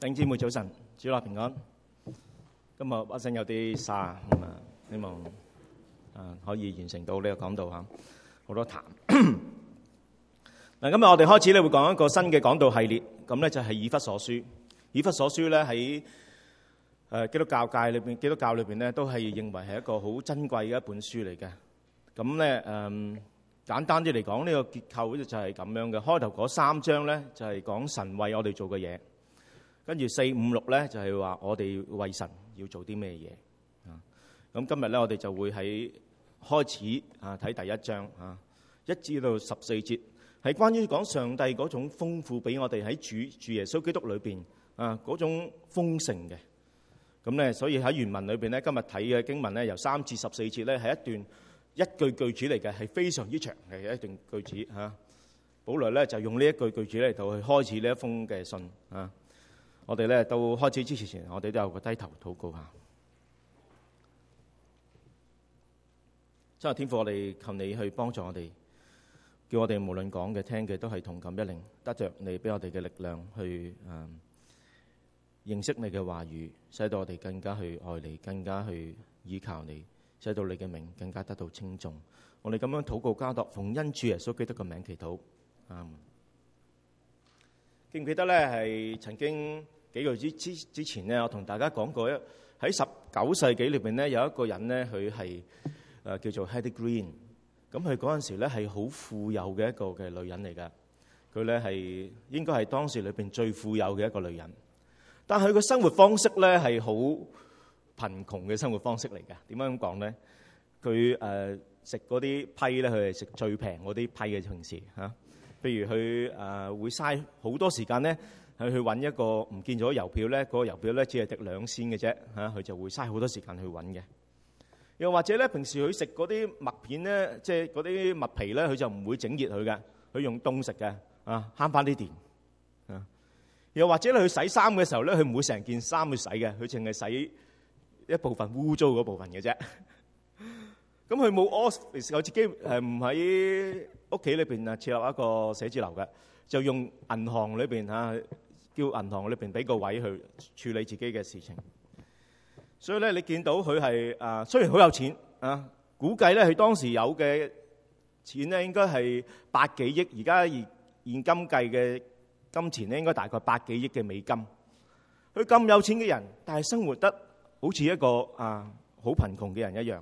弟兄姊妹，早晨，主內平安。今日把聲有啲沙，咁啊，希望啊可以完成到呢個講道吓，好多痰嗱。今日我哋開始咧會講一個新嘅講道系列，咁咧就係《以弗所書》。《以弗所書》咧喺誒基督教界裏邊，基督教裏邊咧都係認為係一個好珍貴嘅一本書嚟嘅。咁咧誒，簡單啲嚟講，呢個結構咧就係咁樣嘅。開頭嗰三章咧就係講神為我哋做嘅嘢。跟住四五六咧，就係、是、話我哋為神要做啲咩嘢啊？咁今日咧，我哋就會喺開始啊，睇第一章啊，一至到十四節，係關於講上帝嗰種豐富俾我哋喺主主耶穌基督裏邊啊嗰種豐盛嘅。咁、啊、咧，所以喺原文裏邊咧，今日睇嘅經文咧，由三至十四節咧係一段一句句子嚟嘅，係非常之長嘅一段句子嚇、啊。保羅咧就用呢一句句子咧就去開始呢一封嘅信啊。我哋咧到開始之前，我哋都有一個低頭禱告下。真係天父，我哋求你去幫助我哋，叫我哋無論講嘅、聽嘅，都係同感一靈，得着你俾我哋嘅力量去，嗯，認識你嘅話語，使到我哋更加去愛你，更加去依靠你，使到你嘅名更加得到尊崇。我哋咁樣禱告加，加奪奉恩主耶穌基督嘅名祈禱，啱、嗯。記唔記得咧？係曾經。幾個之之之前咧，我同大家講過一喺十九世紀裏邊咧，有一個人咧，佢係誒叫做 h e t t y Green。咁佢嗰陣時咧係好富有嘅一個嘅女人嚟噶。佢咧係應該係當時裏邊最富有嘅一個女人。但係佢生活方式咧係好貧窮嘅生活方式嚟㗎。點咁講咧？佢誒食嗰啲批咧，佢係食最平嗰啲批嘅平時嚇。譬、啊、如佢誒、呃、會嘥好多時間咧，佢去揾一個唔見咗郵票咧，嗰個郵票咧只係值兩仙嘅啫，嚇佢就會嘥好多時間去揾嘅。又或者咧，平時佢食嗰啲麥片咧，即係嗰啲麥皮咧，佢就唔會整熱佢嘅，佢用凍食嘅，啊慳翻啲電。又或者咧，佢洗衫嘅時候咧，佢唔會成件衫去洗嘅，佢淨係洗一部分污糟嗰部分嘅啫。咁佢冇 office，佢自己係唔喺屋企裏邊啊設立一個寫字樓嘅，就用銀行裏邊嚇。叫銀行裏邊俾個位去處理自己嘅事情，所以咧，你見到佢係誒雖然好有錢啊，估計咧佢當時有嘅錢咧應該係百幾億，而家現今計嘅金錢咧應該大概百幾億嘅美金。佢咁有錢嘅人，但係生活得好似一個啊好貧窮嘅人一樣。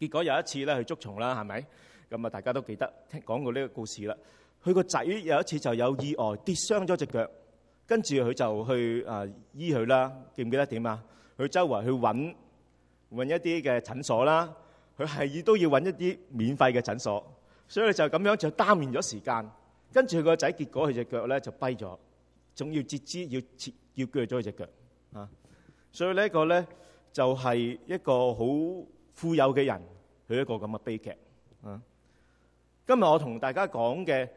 結果有一次咧，佢捉蟲啦，係咪？咁啊，大家都記得聽講過呢個故事啦。佢個仔有一次就有意外跌傷咗隻腳。跟住佢就去啊醫佢啦，記唔記得點啊？佢周圍去揾揾一啲嘅診所啦，佢係都要揾一啲免費嘅診所，所以就咁樣就耽延咗時間。跟住佢個仔，結果佢隻腳咧就跛咗，仲要截肢，要切要鋸咗佢隻腳啊！所以這個呢、就係、一個咧就係一個好富有嘅人，佢一個咁嘅悲劇啊！今日我同大家講嘅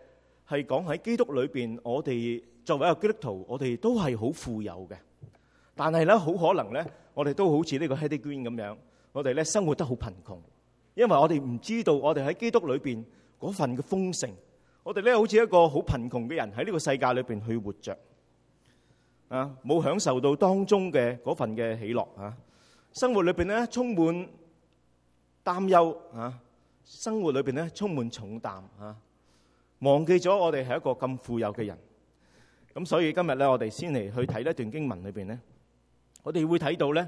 係講喺基督裏邊，我哋。作為一個基督徒，我哋都係好富有嘅，但係咧，好可能咧，我哋都好似呢個 Hedy Green 咁樣，我哋咧生活得好貧窮，因為我哋唔知道我哋喺基督裏邊嗰份嘅豐盛，我哋咧好似一個好貧窮嘅人喺呢個世界裏邊去活着啊，冇享受到當中嘅嗰份嘅喜樂啊，生活裏邊咧充滿擔憂啊，生活裏邊咧充滿重擔啊，忘記咗我哋係一個咁富有嘅人。咁所以今日咧，我哋先嚟去睇一段經文裏邊咧，我哋會睇到咧，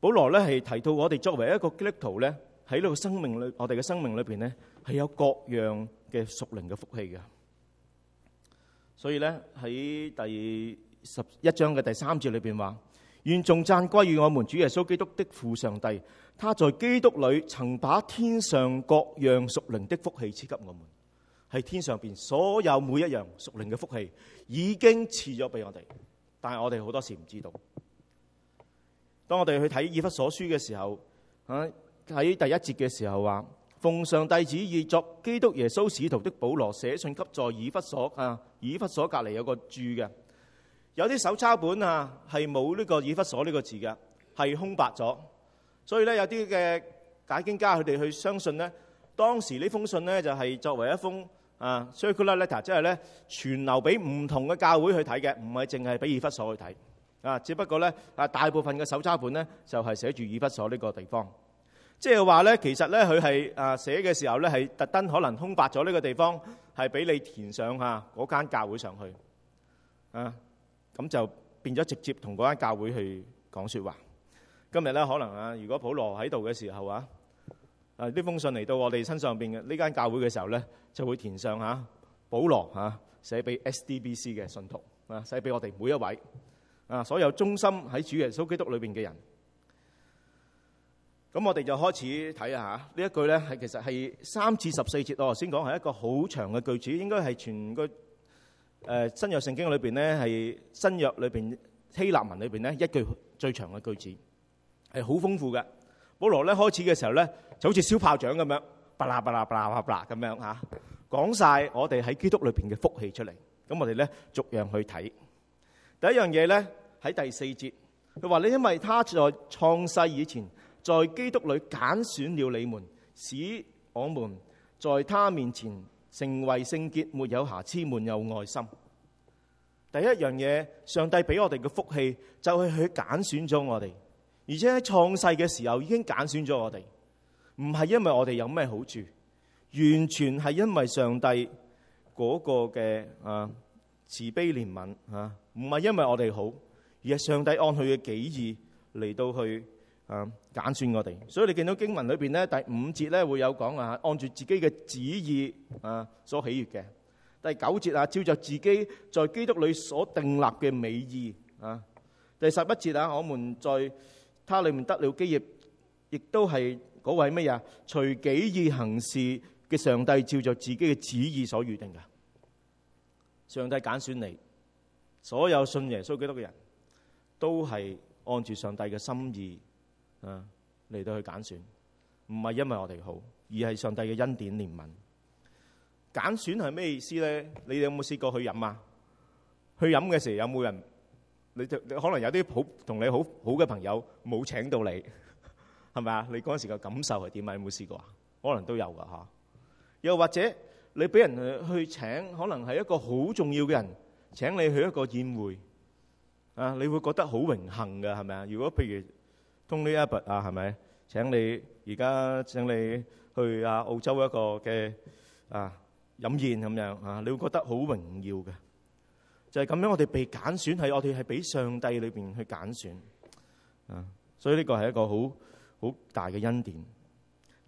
保羅咧係提到我哋作為一個基督徒咧，喺呢個生命裏我哋嘅生命裏邊咧，係有各樣嘅屬靈嘅福氣嘅。所以咧，喺第十一章嘅第三節裏邊話，願頌讚歸於我們主耶穌基督的父上帝，他在基督裏曾把天上各樣屬靈的福氣賜給我們。係天上邊所有每一樣屬靈嘅福氣已經賜咗俾我哋，但係我哋好多時唔知道。當我哋去睇以弗所書嘅時候，喺喺第一節嘅時候話：奉上帝旨意作基督耶穌使徒的保羅，寫信給在以弗所啊，以弗所隔離有個註嘅。有啲手抄本啊係冇呢個以弗所呢個字嘅，係空白咗。所以咧，有啲嘅解經家佢哋去相信呢，當時呢封信呢，就係作為一封。啊 Circular letter 即係咧，傳留俾唔同嘅教會去睇嘅，唔係淨係俾以弗所去睇。啊，只不過咧，啊大部分嘅手抄本咧，就係、是、寫住以弗所呢個地方。即係話咧，其實咧，佢係啊寫嘅時候咧，係特登可能空白咗呢個地方，係俾你填上下嗰間教會上去。啊，咁就變咗直接同嗰間教會去講説話。今日咧，可能啊，如果普羅喺度嘅時候啊。誒呢封信嚟到我哋身上邊嘅呢間教會嘅時候咧，就會填上嚇、啊。保羅嚇寫俾 SDBC 嘅信徒啊，寫俾我哋每一位啊，所有忠心喺主耶穌基督裏邊嘅人。咁我哋就開始睇下，呢一句咧，係其實係三至十四節，我頭先講係一個好長嘅句子，應該係全個誒、呃、新約聖經裏邊咧，係新約裏邊希臘文裏邊咧，一句最長嘅句子，係好豐富嘅。保羅咧開始嘅時候咧。就好似燒炮仗咁樣，啪啦啪啦啪啦啪啦咁樣吓，講晒我哋喺基督裏邊嘅福氣出嚟。咁我哋呢，逐樣去睇。第一樣嘢呢，喺第四節，佢話你因為他在創世以前，在基督裏揀選了你們，使我們在他面前成為聖潔，沒有瑕疵，滿有愛心。第一樣嘢，上帝俾我哋嘅福氣就係佢揀選咗我哋，而且喺創世嘅時候已經揀選咗我哋。唔係因為我哋有咩好處，完全係因為上帝嗰個嘅啊慈悲憐憫啊，唔係因為我哋好，而係上帝按佢嘅己意嚟到去啊揀選我哋。所以你見到經文裏邊咧，第五節咧會有講啊，按住自己嘅旨意啊所喜悅嘅，第九節啊，照著自己在基督裏所定立嘅美意啊，第十一節啊，我們在他裏面得了基業，亦都係。嗰位乜嘢？隨己意行事嘅上帝，照着自己嘅旨意所預定嘅。上帝揀選你，所有信耶穌基督嘅人都係按住上帝嘅心意啊嚟到去揀選，唔係因為我哋好，而係上帝嘅恩典憐憫。揀選係咩意思咧？你哋有冇試過去飲啊？去飲嘅時候有冇人？你就可能有啲好同你好好嘅朋友冇請到你。係咪啊？你嗰陣時嘅感受係點啊？有冇試過啊？可能都有㗎嚇。又或者你俾人去請，可能係一個好重要嘅人請你去一個宴會啊，你會覺得好榮幸㗎，係咪啊？如果譬如 Tony Abbott 啊，係咪請你而家請你去啊澳洲一個嘅啊飲宴咁樣啊，你會覺得好榮耀嘅。就係咁樣，我哋被揀選係我哋係俾上帝裏邊去揀選啊，所以呢個係一個好。好大嘅恩典。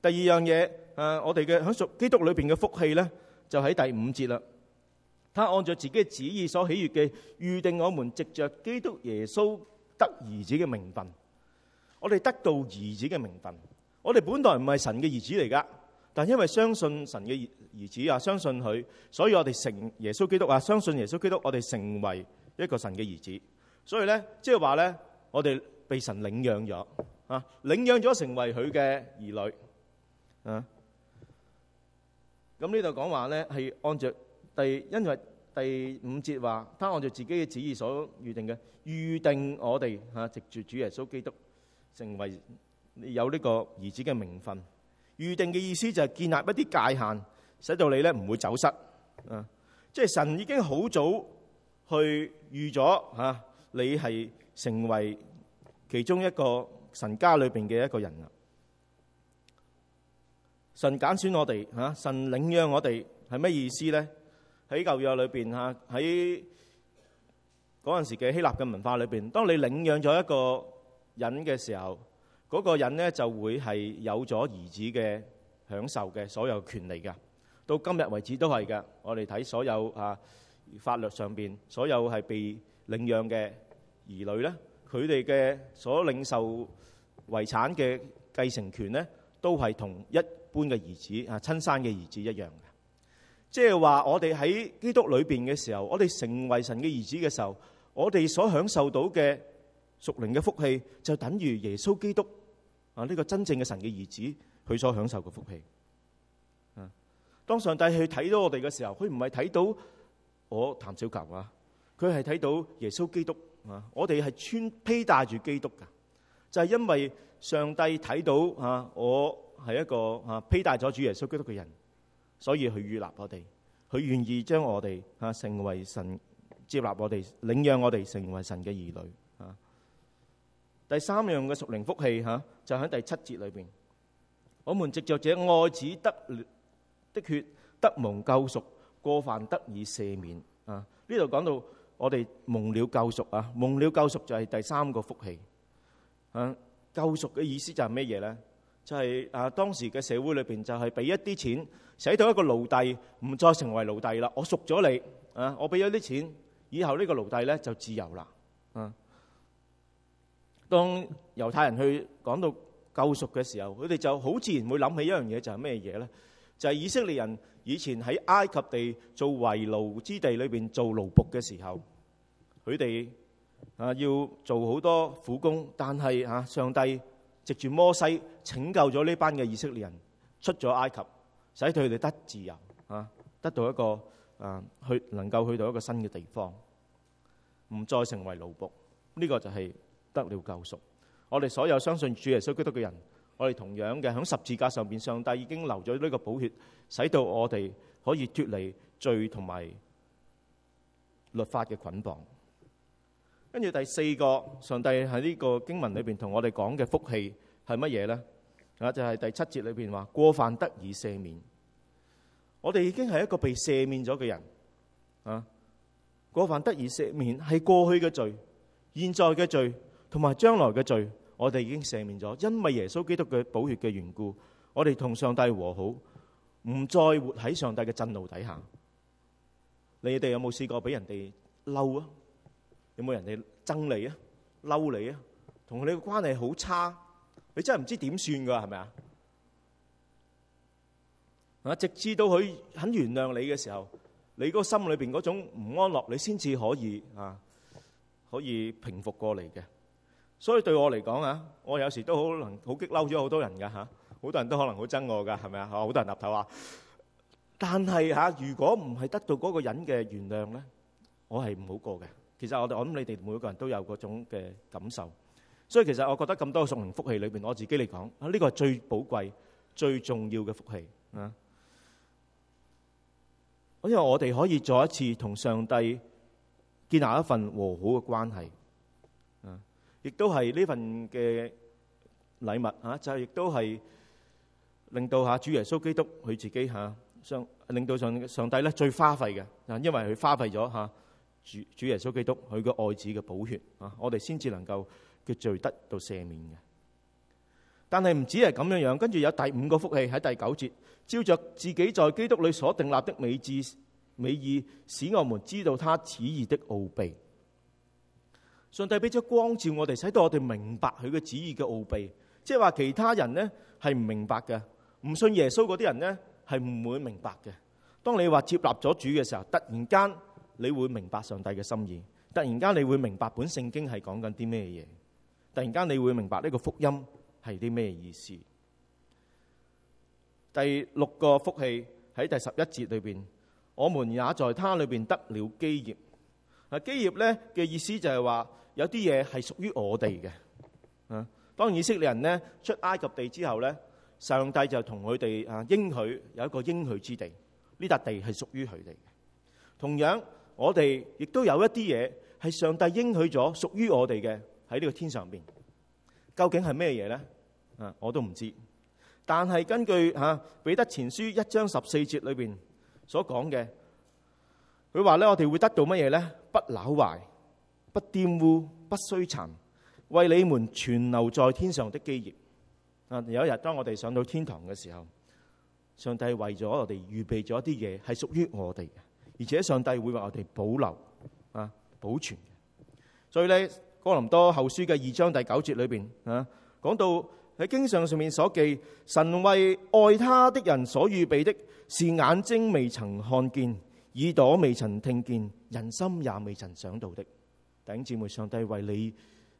第二樣嘢，誒，我哋嘅享屬基督裏邊嘅福氣咧，就喺第五節啦。他按照自己嘅旨意所喜悅嘅，預定我們藉著基督耶穌得兒子嘅名分。我哋得到兒子嘅名分。我哋本來唔係神嘅兒子嚟噶，但係因為相信神嘅兒兒子啊，相信佢，所以我哋成耶穌基督啊，相信耶穌基督，我哋成為一個神嘅兒子。所以咧，即係話咧，我哋被神領養咗。啊！領養咗成為佢嘅兒女啊！咁呢度講話咧，係按照第因為第五節話，他按照自己嘅旨意所預定嘅，預定我，我哋嚇藉住主耶穌基督成為有呢個兒子嘅名分。預定嘅意思就係建立一啲界限，使到你咧唔會走失啊！即係神已經好早去預咗嚇、啊、你係成為其中一個。神家裏邊嘅一個人啦，神揀選我哋吓，神領養我哋係咩意思咧？喺舊約裏邊吓，喺嗰陣時嘅希臘嘅文化裏邊，當你領養咗一個人嘅時候，嗰個人咧就會係有咗兒子嘅享受嘅所有權利噶，到今日為止都係噶。我哋睇所有吓，法律上邊，所有係被領養嘅兒女咧。佢哋嘅所領受遺產嘅繼承權呢，都係同一般嘅兒子啊，親生嘅兒子一樣嘅。即係話，我哋喺基督裏邊嘅時候，我哋成為神嘅兒子嘅時候，我哋所享受到嘅屬靈嘅福氣，就等於耶穌基督啊，呢個真正嘅神嘅兒子佢所享受嘅福氣。啊，當上帝去睇到我哋嘅時候，佢唔係睇到我譚紹球啊，佢係睇到耶穌基督。啊！我哋係穿披戴住基督噶就係、是、因為上帝睇到吓、啊、我係一個吓、啊、披戴咗主耶穌基督嘅人，所以佢預立我哋，佢願意將我哋吓、啊、成為神接納我哋領養我哋成為神嘅兒女。吓、啊，第三樣嘅屬靈福氣吓、啊，就喺第七節裏邊，我們藉著這愛子得的血得蒙救贖，過犯得以赦免。啊，呢度講到。我哋蒙了救贖啊！蒙了救贖就係第三個福氣啊！救贖嘅意思就係咩嘢呢？就係啊，當時嘅社會裏邊就係俾一啲錢，使到一個奴隸唔再成為奴隸啦。我贖咗你啊！我俾咗啲錢，以後呢個奴隸呢就自由啦。啊！當猶太人去講到救贖嘅時候，佢哋就好自然會諗起一樣嘢，就係咩嘢呢？就係以色列人以前喺埃及地做為奴之地裏邊做奴僕嘅時候。佢哋啊要做好多苦工，但係啊上帝藉住摩西拯救咗呢班嘅以色列人出咗埃及，使到佢哋得自由啊，得到一個啊去能夠去到一個新嘅地方，唔再成為奴僕。呢個就係得了救贖。我哋所有相信主耶穌基督嘅人，我哋同樣嘅喺十字架上面上帝已經流咗呢個寶血，使到我哋可以脫離罪同埋律法嘅捆綁。跟住第四個，上帝喺呢個經文裏邊同我哋講嘅福氣係乜嘢呢？啊，就係、是、第七節裏邊話過犯得以赦免。我哋已經係一個被赦免咗嘅人啊！過犯得以赦免係過去嘅罪、現在嘅罪同埋將來嘅罪，我哋已經赦免咗，因為耶穌基督嘅寶血嘅緣故，我哋同上帝和好，唔再活喺上帝嘅震怒底下。你哋有冇試過俾人哋嬲啊？有冇人哋憎你啊、嬲你啊、同你嘅關係好差？你真係唔知點算噶，係咪啊？啊，直至到佢肯原諒你嘅時候，你個心裏邊嗰種唔安樂，你先至可以啊，可以平復過嚟嘅。所以對我嚟講啊，我有時都可能好激嬲咗好多人噶嚇，好多人都可能好憎我噶，係咪啊？好多人立頭話，但係嚇，如果唔係得到嗰個人嘅原諒咧，我係唔好過嘅。其實我哋我諗你哋每一個人都有嗰種嘅感受，所以其實我覺得咁多嘅屬靈福氣裏邊，我自己嚟講，呢個係最寶貴、最重要嘅福氣啊！因為我哋可以再一次同上帝建立一份和好嘅關係啊，亦都係呢份嘅禮物啊，就係亦都係令到吓主耶穌基督佢自己吓上，令到上上帝咧最花費嘅啊，因為佢花費咗吓。主主耶穌基督佢嘅愛子嘅寶血啊，我哋先至能夠叫罪得到赦免嘅。但係唔止係咁樣樣，跟住有第五個福氣喺第九節，照着自己在基督裡所定立的美志美意，使我們知道他旨意的奧秘。上帝俾咗光照我哋，使到我哋明白佢嘅旨意嘅奧秘。即係話其他人呢係唔明白嘅，唔信耶穌嗰啲人呢係唔會明白嘅。當你話接納咗主嘅時候，突然間。你會明白上帝嘅心意，突然間你會明白本聖經係講緊啲咩嘢，突然間你會明白呢個福音係啲咩意思。第六個福氣喺第十一節裏邊，我們也在他裏邊得了基業。啊，基業呢嘅意思就係話有啲嘢係屬於我哋嘅。啊，當以色列人呢出埃及地之後呢，上帝就同佢哋啊應許有一個應許之地，呢笪地係屬於佢哋嘅。同樣。我哋亦都有一啲嘢係上帝應許咗屬於我哋嘅，喺呢個天上邊，究竟係咩嘢咧？啊，我都唔知。但係根據吓彼得前書一章十四節裏邊所講嘅，佢話咧我哋會得到乜嘢咧？不朽壞，不玷污，不衰殘，為你們存留在天上的基業。啊，有一日當我哋上到天堂嘅時候，上帝為咗我哋預備咗一啲嘢係屬於我哋嘅。而且上帝會為我哋保留啊，保存。所以呢，《哥林多後書》嘅二章第九節裏面啊，講到喺經上上面所記，神為愛他的人所預備的，是眼睛未曾看見，耳朵未曾聽見，人心也未曾想到的。弟兄姊妹，上帝為你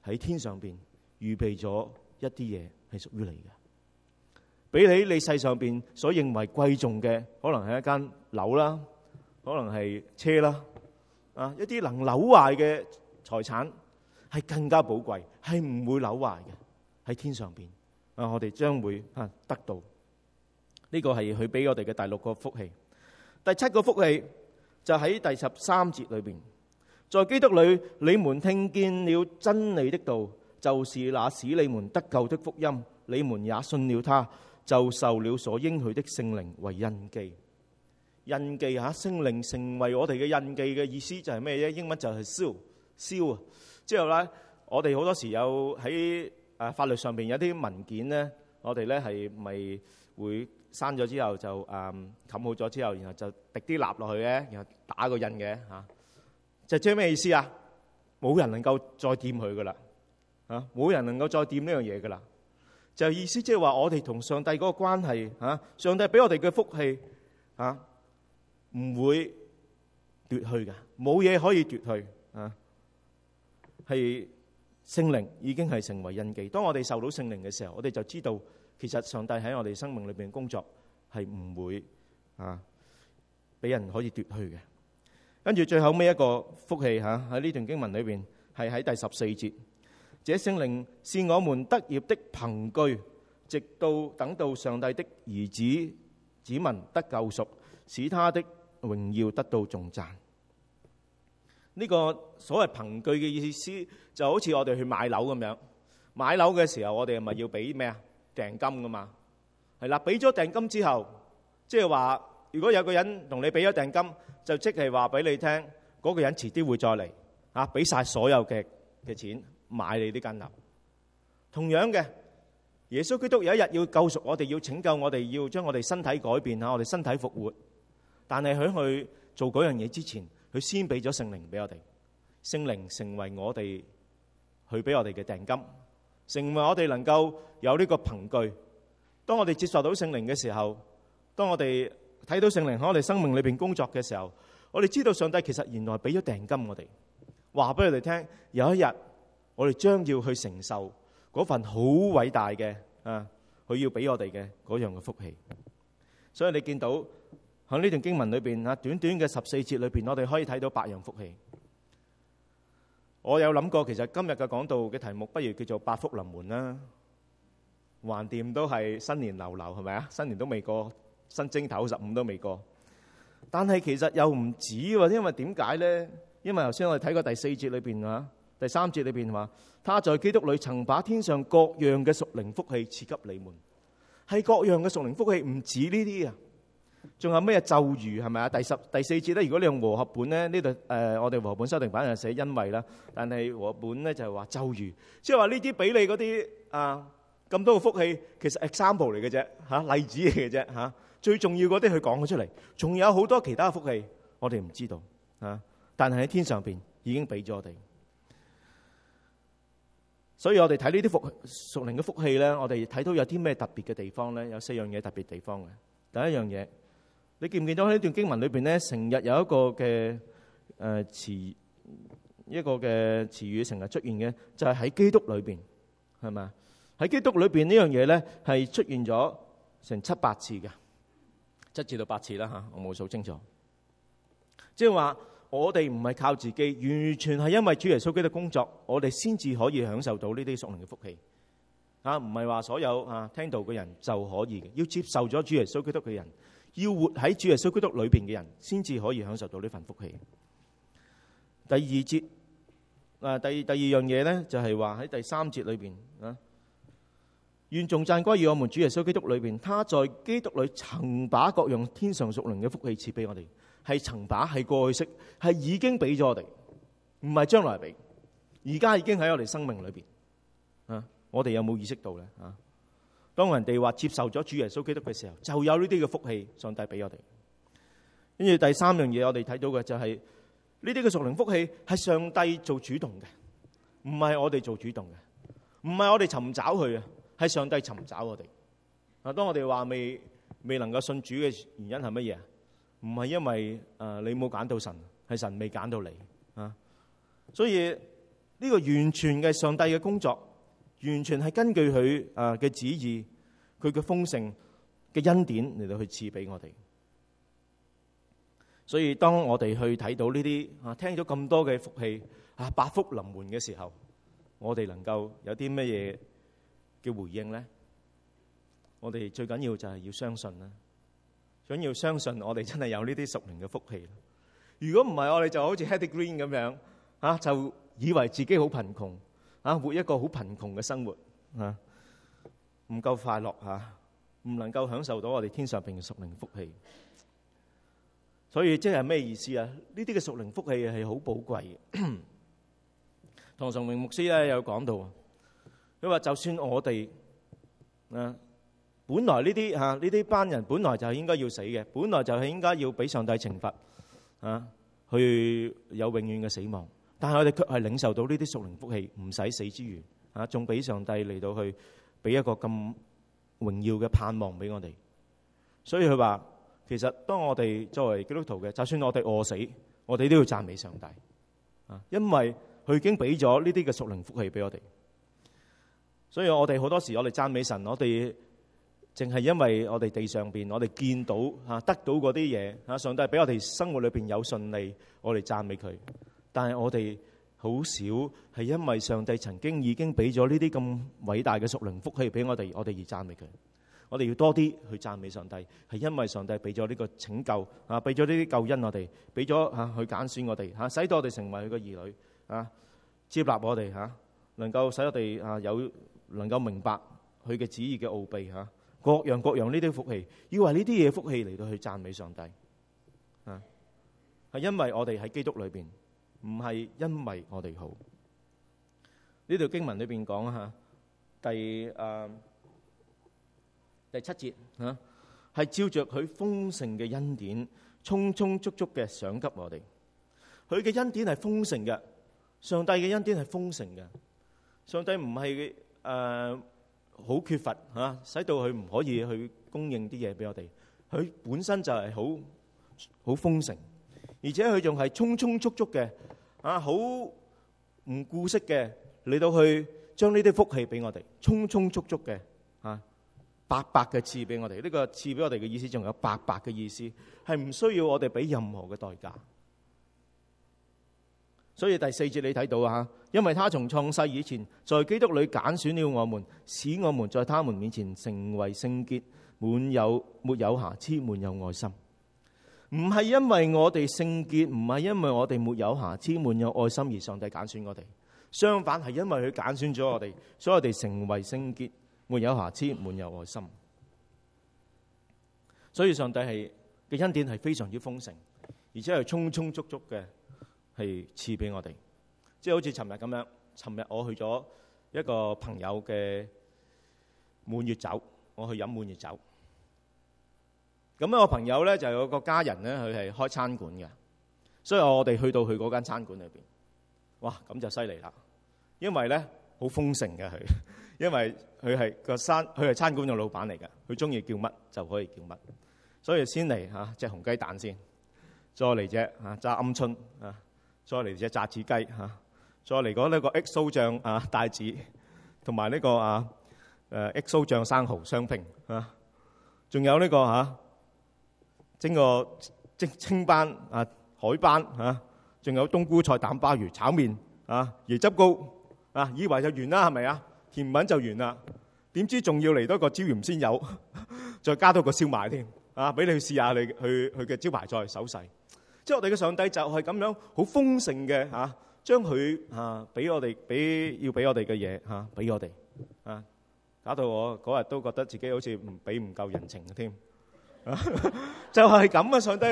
喺天上邊預備咗一啲嘢，係屬於你嘅。比起你世上邊所認為貴重嘅，可能係一間樓啦。可能係車啦，啊，一啲能扭壞嘅財產係更加寶貴，係唔會扭壞嘅喺天上邊。啊，我哋將會得到呢個係佢俾我哋嘅第六個福氣。第七個福氣就喺第十三節裏邊，在基督裏你們聽見了真理的道，就是那使你們得救的福音，你們也信了他，就受了所應許的聖靈為印記。印記嚇，聖，啊、靈成為我哋嘅印記嘅意思就係咩咧？英文就係燒燒啊。之後咧，我哋好多時候有喺啊法律上邊有啲文件咧，我哋咧係咪會刪咗之後就啊冚、嗯、好咗之後，然後就滴啲蠟落去嘅，然後打個印嘅嚇、啊。就即係咩意思沒有啊？冇人能夠再掂佢噶啦嚇，冇人能夠再掂呢樣嘢噶啦。就意思即係話我哋同上帝嗰個關係，啊、上帝俾我哋嘅福氣嚇。啊唔會奪去噶，冇嘢可以奪去啊！係聖靈已經係成為印記。當我哋受到聖靈嘅時候，我哋就知道其實上帝喺我哋生命裏邊工作係唔會啊俾人可以奪去嘅。跟住最後尾一個福氣吓喺呢段經文裏邊係喺第十四節，這聖靈是我們得業的憑據，直到等到上帝的兒子子民得救贖，使他的。榮耀得到頌讚。呢個所謂憑據嘅意思，就好似我哋去買樓咁樣。買樓嘅時候，我哋咪要俾咩啊？訂金噶嘛。係啦，俾咗訂金之後，即係話，如果有個人同你俾咗訂金，就即係話俾你聽，嗰個人遲啲會再嚟，啊，俾晒所有嘅嘅錢買你呢間樓。同樣嘅，耶穌基督有一日要救贖我哋，要拯救我哋，要將我哋身體改變吓，我哋身體復活。但係喺佢做嗰樣嘢之前，佢先俾咗聖靈俾我哋，聖靈成為我哋，佢俾我哋嘅定金，成為我哋能夠有呢個憑據。當我哋接受到聖靈嘅時候，當我哋睇到聖靈喺我哋生命裏邊工作嘅時候，我哋知道上帝其實原來俾咗定金我哋，話俾佢哋聽，有一日我哋將要去承受嗰份好偉大嘅啊，佢要俾我哋嘅嗰樣嘅福氣。所以你見到。喺呢段經文裏邊啊，短短嘅十四節裏邊，我哋可以睇到八樣福氣。我有諗過，其實今日嘅講道嘅題目，不如叫做八福臨門啦。橫掂都係新年流流，係咪啊？新年都未過，新正頭十五都未過。但係其實又唔止喎，因為點解呢？因為頭先我哋睇過第四節裏邊啊，第三節裏邊話，他在基督裡曾把天上各樣嘅屬靈福氣賜給你們，係各樣嘅屬靈福氣不，唔止呢啲啊。仲有咩咒語係咪啊？第十第四節咧，如果你用和合本咧，呢度誒，我哋和合本修訂版係寫因為啦。但係和合本咧就係話咒語，即係話呢啲俾你嗰啲啊咁多嘅福氣，其實 example 嚟嘅啫嚇，例子嚟嘅啫嚇。最重要嗰啲佢講咗出嚟，仲有好多其他嘅福氣，我哋唔知道嚇、啊。但係喺天上邊已經俾咗我哋，所以我哋睇呢啲福屬靈嘅福氣咧，我哋睇到有啲咩特別嘅地方咧，有四樣嘢特別的地方嘅，第一樣嘢。你見唔見到喺呢段經文裏邊咧，成日有一個嘅誒詞，一個嘅詞語成日出現嘅，就係喺基督裏邊，係咪啊？喺基督裏邊呢樣嘢咧，係出現咗成七八次嘅，七次到八次啦吓，我冇數清楚。即係話我哋唔係靠自己，完全係因為主耶穌基督工作，我哋先至可以享受到呢啲屬靈嘅福氣。啊，唔係話所有啊聽道嘅人就可以嘅，要接受咗主耶穌基督嘅人。要活喺主耶穌基督裏邊嘅人，先至可以享受到呢份福氣。第二節啊，第二第二樣嘢咧，就係話喺第三節裏邊啊，願頌讚歸與我們主耶穌基督裏邊，他在基督裏曾把各樣天上屬靈嘅福氣賜俾我哋，係曾把，係過去式，係已經俾咗我哋，唔係將來俾，而家已經喺我哋生命裏邊啊，我哋有冇意識到咧啊？當人哋話接受咗主耶穌基督嘅時候，就有呢啲嘅福氣，上帝俾我哋。跟住第三樣嘢，就是，我哋睇到嘅就係呢啲嘅屬靈福氣係上帝做主動嘅，唔係我哋做主動嘅，唔係我哋尋找佢啊，係上帝尋找我哋。啊，當我哋話未未能夠信主嘅原因係乜嘢？唔係因為誒、呃、你冇揀到神，係神未揀到你啊。所以呢，這個完全嘅上帝嘅工作。完全係根據佢啊嘅旨意，佢嘅豐盛嘅恩典嚟到去賜俾我哋。所以當我哋去睇到呢啲啊，聽咗咁多嘅福氣啊，百福臨門嘅時候，我哋能夠有啲乜嘢嘅回應咧？我哋最緊要就係要相信啦，想要相信我哋真係有呢啲十年嘅福氣。如果唔係，我哋就好似 Hetty Green 咁樣啊，就以為自己好貧窮。啊，活一個好貧窮嘅生活，啊，唔夠快樂嚇，唔能夠享受到我哋天上邊嘅屬靈福氣，所以即係咩意思啊？呢啲嘅屬靈福氣係好寶貴嘅。唐崇榮牧師咧有講到，佢話就算我哋，啊，本來呢啲嚇，呢啲班人本來就應該要死嘅，本來就係應該要俾上帝懲罰，啊，去有永遠嘅死亡。但係我哋卻係領受到呢啲屬靈福氣，唔使死之餘啊，仲俾上帝嚟到去俾一個咁榮耀嘅盼望俾我哋。所以佢話，其實當我哋作為基督徒嘅，就算我哋餓死，我哋都要讚美上帝啊，因為佢已經俾咗呢啲嘅屬靈福氣俾我哋。所以我哋好多時，我哋讚美神，我哋淨係因為我哋地上邊，我哋見到吓得到嗰啲嘢吓，上帝俾我哋生活裏邊有順利，我哋讚美佢。但係，我哋好少係因為上帝曾經已經俾咗呢啲咁偉大嘅屬靈福氣俾我哋，我哋而讚美佢。我哋要多啲去讚美上帝，係因為上帝俾咗呢個拯救啊，俾咗呢啲救恩我哋，俾咗嚇去揀選我哋嚇、啊，使到我哋成為佢嘅兒女啊，接納我哋嚇、啊，能夠使我哋啊有能夠明白佢嘅旨意嘅奧秘嚇、啊，各樣各樣呢啲福氣，要為呢啲嘢福氣嚟到去讚美上帝啊，係因為我哋喺基督裏邊。唔係因為我哋好，呢段經文裏邊講嚇，第誒第七節嚇，係照著佢豐盛嘅恩典，充充足足嘅賞給我哋。佢嘅恩典係豐盛嘅，上帝嘅恩典係豐盛嘅。上帝唔係誒好缺乏嚇，使到佢唔可以去供應啲嘢俾我哋。佢本身就係好好豐盛。而且佢仲係充充足足嘅。啊，好唔顧惜嘅嚟到去將呢啲福氣俾我哋，充充足足嘅，啊，白白嘅賜俾我哋。呢、這個賜俾我哋嘅意，意思，仲有白白嘅意思，係唔需要我哋俾任何嘅代價。所以第四節你睇到啊，因為他從創世以前，在基督裏揀選了我們，使我們在他們面前成為聖潔，滿有沒有瑕疵，滿有愛心。唔係因為我哋聖潔，唔係因為我哋沒有瑕疵，滿有愛心而上帝揀選我哋。相反係因為佢揀選咗我哋，所以我哋成為聖潔，沒有瑕疵，滿有愛心。所以上帝係嘅恩典係非常之豐盛，而且係充充足足嘅，係賜俾我哋。即係好似尋日咁樣，尋日我去咗一個朋友嘅滿月酒，我去飲滿月酒。咁咧，我朋友咧就有一個家人咧，佢係開餐館嘅，所以我哋去到佢嗰間餐館裏邊，哇，咁就犀利啦！因為咧好豐盛嘅佢，因為佢係個餐佢係餐館嘅老闆嚟嘅，佢中意叫乜就可以叫乜，所以先嚟嚇隻紅雞蛋先，再嚟隻嚇炸鵪鶉啊，再嚟隻炸子雞嚇，再嚟嗰呢個 XO 醬啊帶子，同埋呢個啊誒 XO 醬生蠔雙拼啊，仲、啊、有呢、呢個嚇。啊整個蒸青斑啊，海斑嚇，仲有冬菇菜膽鮑魚炒麵啊，椰汁糕啊，以為就完啦，係咪啊？甜品就完啦，點知仲要嚟多個椒鹽先有，再加多個燒賣添啊！俾你去試下你去佢嘅招牌菜手勢，即係我哋嘅上帝就係咁樣好豐盛嘅嚇，將佢嚇俾我哋，俾要俾我哋嘅嘢嚇俾我哋啊，搞到我嗰日都覺得自己好似唔俾唔夠人情㗎添。 就係咁啊！上帝，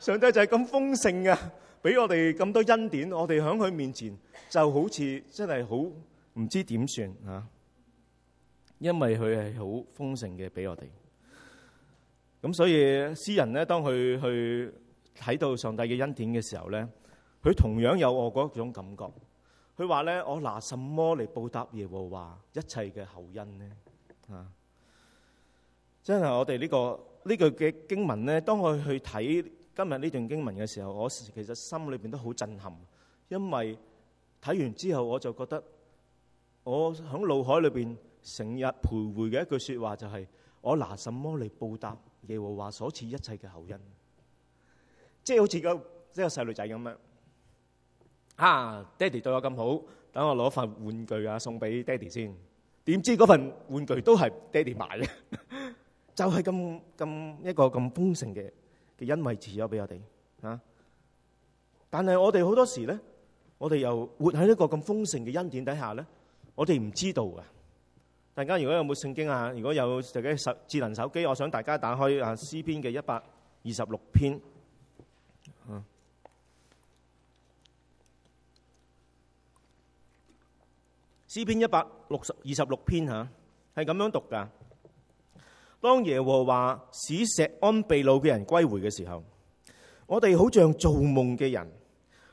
上帝就係咁豐盛啊！俾我哋咁多恩典，我哋喺佢面前就好似真係好唔知點算啊！因為佢係好豐盛嘅，俾我哋。咁所以詩人咧，當佢去睇到上帝嘅恩典嘅時候咧，佢同樣有我嗰種感覺。佢話咧：我拿什麼嚟報答耶和華一切嘅厚恩呢？啊！真係我哋呢、這個。呢句嘅經文咧，當我去睇今日呢段經文嘅時候，我其實心裏邊都好震撼。因為睇完之後，我就覺得我喺腦海裏邊成日徘徊嘅一句説話就係：我拿什麼嚟報答耶和華所賜一切嘅厚恩？即係好似個一個細路仔咁樣，啊，爹哋對我咁好，等我攞份玩具啊送俾爹哋先。點知嗰份玩具都係爹哋買嘅。就係咁咁一個咁豐盛嘅嘅恩惠賜咗俾我哋啊！但係我哋好多時咧，我哋又活喺一個咁豐盛嘅恩典底下咧，我哋唔知道嘅。大家如果有冇聖經啊？如果有自己手智能手機，我想大家打開啊詩篇嘅一百二十六篇。嗯，詩篇一百六十二十六篇吓，係咁樣讀噶。當耶和華使錫安被擄嘅人歸回嘅時候，我哋好像做夢嘅人。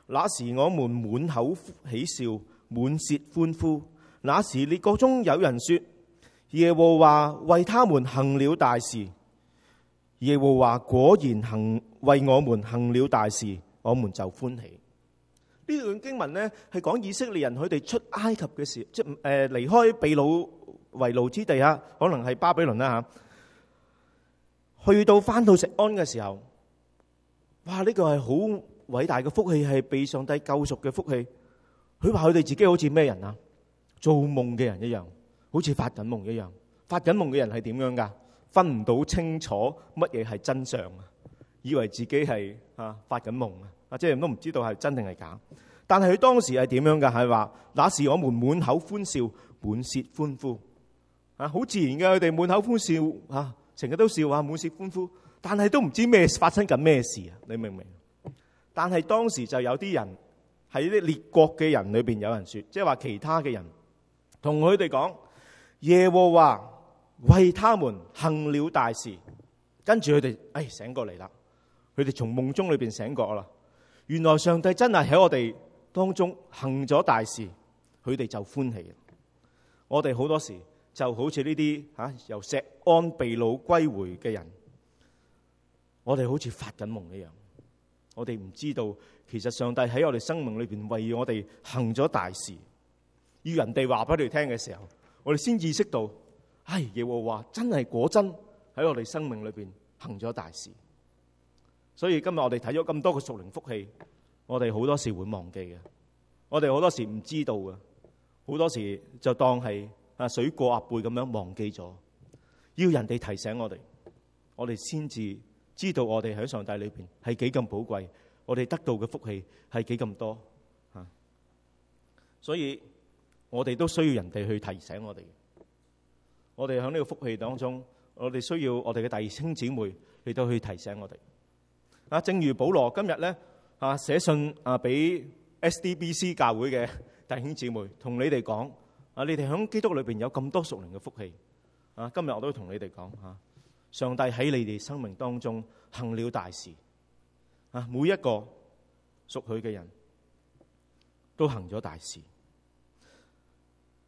那時我們滿口喜笑，滿舌歡呼。那時列國中有人說：耶和華為他們行了大事。耶和華果然行為我們行了大事，我們就歡喜。呢段經文呢係講以色列人佢哋出埃及嘅時，即係誒離開被擄為奴之地啊，可能係巴比倫啦吓。去到返到錫安嘅時候，哇！呢、這個係好偉大嘅福氣，係被上帝救贖嘅福氣。佢話佢哋自己好似咩人啊？做夢嘅人一樣，好似發緊夢一樣。發緊夢嘅人係點樣噶？分唔到清楚乜嘢係真相啊！以為自己係吓發緊夢啊！即係都唔知道係真定係假。但係佢當時係點樣噶？係話那時我們滿口歡笑，滿舌歡呼啊！好自然嘅，佢哋滿口歡笑啊！成日都笑話滿舌歡呼，但係都唔知咩發生緊咩事啊！你明唔明？但係當時就有啲人喺啲列國嘅人裏邊，有人說，即係話其他嘅人同佢哋講，耶和華為他們行了大事。跟住佢哋，哎醒過嚟啦，佢哋從夢中裏邊醒覺啦。原來上帝真係喺我哋當中行咗大事，佢哋就歡喜。我哋好多時候。就好似呢啲嚇由錫安被擄歸回嘅人，我哋好似發緊夢一樣。我哋唔知道，其實上帝喺我哋生命裏邊為我哋行咗大事。要人哋話俾你哋聽嘅時候，我哋先意識到，唉，耶和華真係果真喺我哋生命裏邊行咗大事。所以今日我哋睇咗咁多嘅屬靈福氣，我哋好多時會忘記嘅，我哋好多時唔知道嘅，好多時就當係。啊！水過鴨背，咁樣忘記咗，要人哋提醒我哋，我哋先至知道我哋喺上帝裏邊係幾咁寶貴，我哋得到嘅福氣係幾咁多啊，所以我哋都需要人哋去提醒我哋，我哋喺呢個福氣當中，我哋需要我哋嘅弟兄姊妹你都去提醒我哋。啊，正如保羅今日咧啊，寫信啊俾 SDBC 教會嘅弟兄姊妹跟們說，同你哋講。你哋喺基督裏邊有咁多屬靈嘅福氣啊！今日我都同你哋講啊，上帝喺你哋生命當中行了大事啊！每一個屬佢嘅人都行咗大事。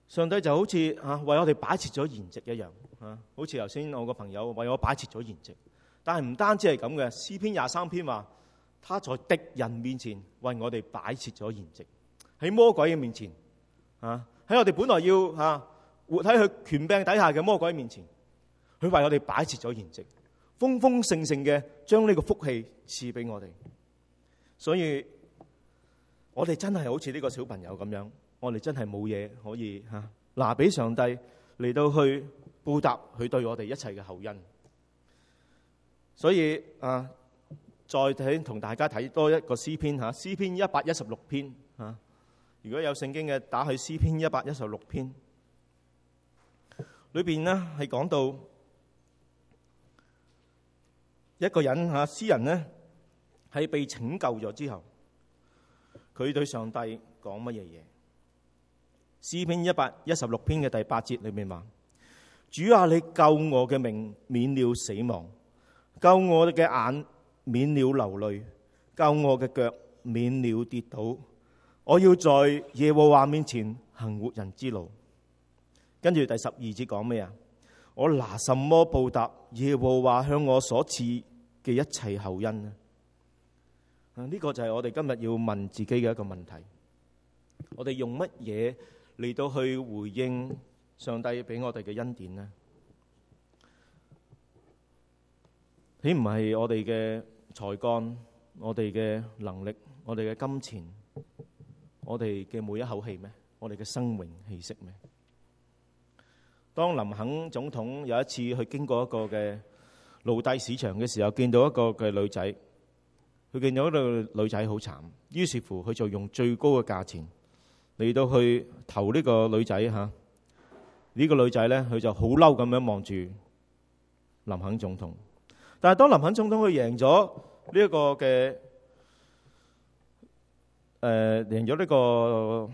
上帝就好似啊為我哋擺設咗筵席一樣啊，好似頭先我個朋友為我擺設咗筵席。但係唔單止係咁嘅，詩篇廿三篇話，他在敵人面前為我哋擺設咗筵席，喺魔鬼嘅面前啊！喺我哋本來要吓活喺佢權柄底下嘅魔鬼面前，佢為我哋擺設咗筵席，豐豐盛盛嘅將呢個福氣賜俾我哋。所以，我哋真係好似呢個小朋友咁樣，我哋真係冇嘢可以吓拿俾上帝嚟到去報答佢對我哋一切嘅後恩。所以啊，再睇同大家睇多一個詩篇吓，詩篇一百一十六篇。啊如果有聖經嘅，打去詩篇一百一十六篇，裏邊呢係講到一個人吓，詩人呢，係被拯救咗之後，佢對上帝講乜嘢嘢？詩篇一百一十六篇嘅第八節裏面話：「主啊，你救我嘅命，免了死亡；救我嘅眼，免了流淚；救我嘅腳，免了跌倒。」我要在耶和華面前行活人之路，跟住，第十二節講咩啊？我拿什麼報答耶和華向我所賜嘅一切厚恩呢？呢、這個就係我哋今日要問自己嘅一個問題：我哋用乜嘢嚟到去回應上帝俾我哋嘅恩典呢？豈唔係我哋嘅才幹、我哋嘅能力、我哋嘅金錢？我哋嘅每一口氣咩？我哋嘅生榮氣息咩？當林肯總統有一次去經過一個嘅奴隸市場嘅時候，見到一個嘅女仔，佢見到一個女仔好慘，於是乎佢就用最高嘅價錢嚟到去投呢個女仔嚇。呢個女仔咧，佢就好嬲咁樣望住林肯總統。但係當林肯總統佢贏咗呢一個嘅。誒、呃，贏咗呢個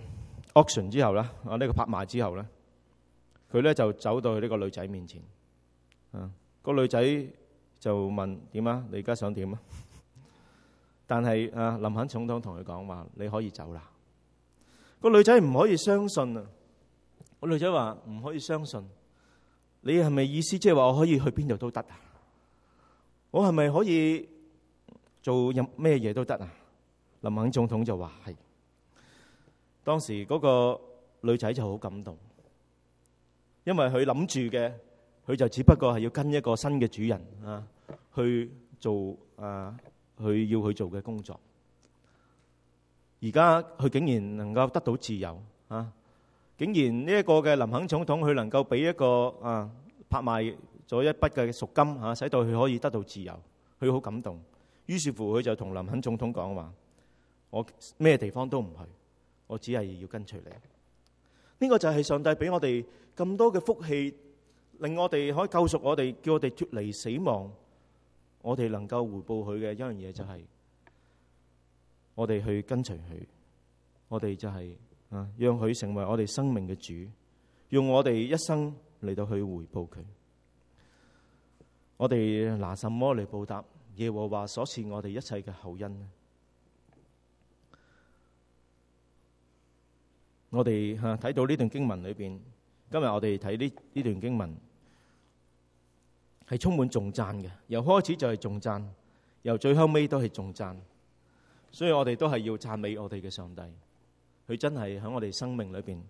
auction 之後啦，啊、這、呢個拍賣之後咧，佢咧就走到去呢個女仔面前。嗯、啊，個女仔就問：點啊？你而家想點啊？但係啊，林肯總統同佢講話：你可以走啦。個女仔唔可以相信啊！個女仔話：唔可以相信。你係咪意思即係話我可以去邊度都得啊？我係咪可以做任咩嘢都得啊？林肯總統就話：係。當時嗰個女仔就好感動，因為佢諗住嘅佢就只不過係要跟一個新嘅主人啊去做啊，佢要去做嘅工作。而家佢竟然能夠得到自由啊！竟然呢一個嘅林肯總統，佢能夠俾一個啊拍賣咗一筆嘅贖金嚇，啊，使到佢可以得到自由，佢好感動。於是乎佢就同林肯總統講話。我咩地方都唔去，我只係要跟隨你。呢，這個就係上帝俾我哋咁多嘅福氣，令我哋可以救贖我哋，叫我哋脫離死亡。我哋能夠回報佢嘅一樣嘢，就是，就係我哋去跟隨佢。我哋就係、是、啊，讓佢成為我哋生命嘅主，用我哋一生嚟到去回報佢。我哋拿什麼嚟報答耶和華所賜我哋一切嘅厚恩呢？我哋吓睇到呢段經文裏邊，今日我哋睇呢呢段經文係充滿頌讚嘅，由開始就係頌讚，由最後尾都係頌讚，所以我哋都係要讚美我哋嘅上帝，佢真係喺我哋生命裏邊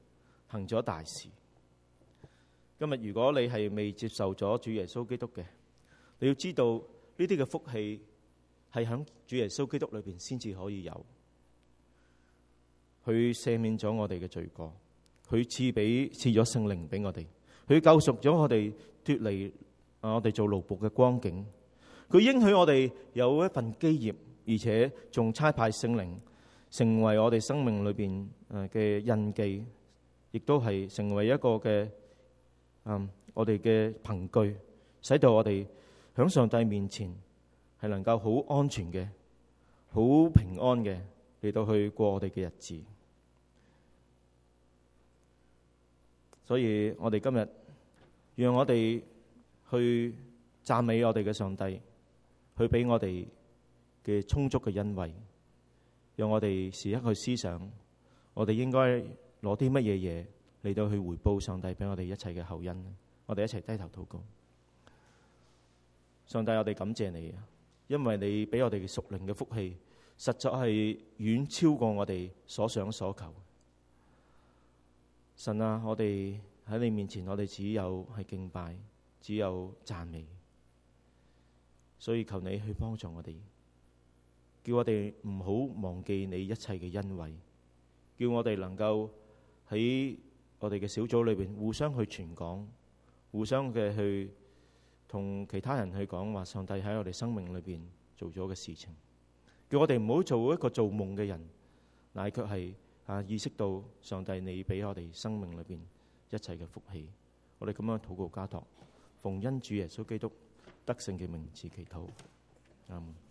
行咗大事。今日如果你係未接受咗主耶穌基督嘅，你要知道呢啲嘅福氣係喺主耶穌基督裏邊先至可以有。佢赦免咗我哋嘅罪過，佢賜俾賜咗聖靈俾我哋，佢救贖咗我哋脫離啊我哋做奴僕嘅光景，佢應許我哋有一份基業，而且仲差派聖靈成為我哋生命裏邊誒嘅印記，亦都係成為一個嘅、嗯、我哋嘅憑據，使到我哋響上帝面前係能夠好安全嘅、好平安嘅嚟到去過我哋嘅日子。所以我哋今日讓我哋去讚美我哋嘅上帝，去俾我哋嘅充足嘅恩惠，讓我哋時刻去思想，我哋應該攞啲乜嘢嘢嚟到去回報上帝俾我哋一切嘅厚恩。我哋一齊低頭禱告。上帝，我哋感謝你啊，因為你俾我哋嘅屬靈嘅福氣，實在係遠超過我哋所想所求。神啊，我哋喺你面前，我哋只有係敬拜，只有讚美。所以求你去幫助我哋，叫我哋唔好忘記你一切嘅恩惠，叫我哋能夠喺我哋嘅小組裏邊互相去傳講，互相嘅去同其他人去講話。上帝喺我哋生命裏邊做咗嘅事情，叫我哋唔好做一個做夢嘅人，乃卻係。啊！意識到上帝，你俾我哋生命裏面一切嘅福氣，我哋咁樣禱告，家託奉恩主耶穌基督得勝嘅名字祈禱，阿門。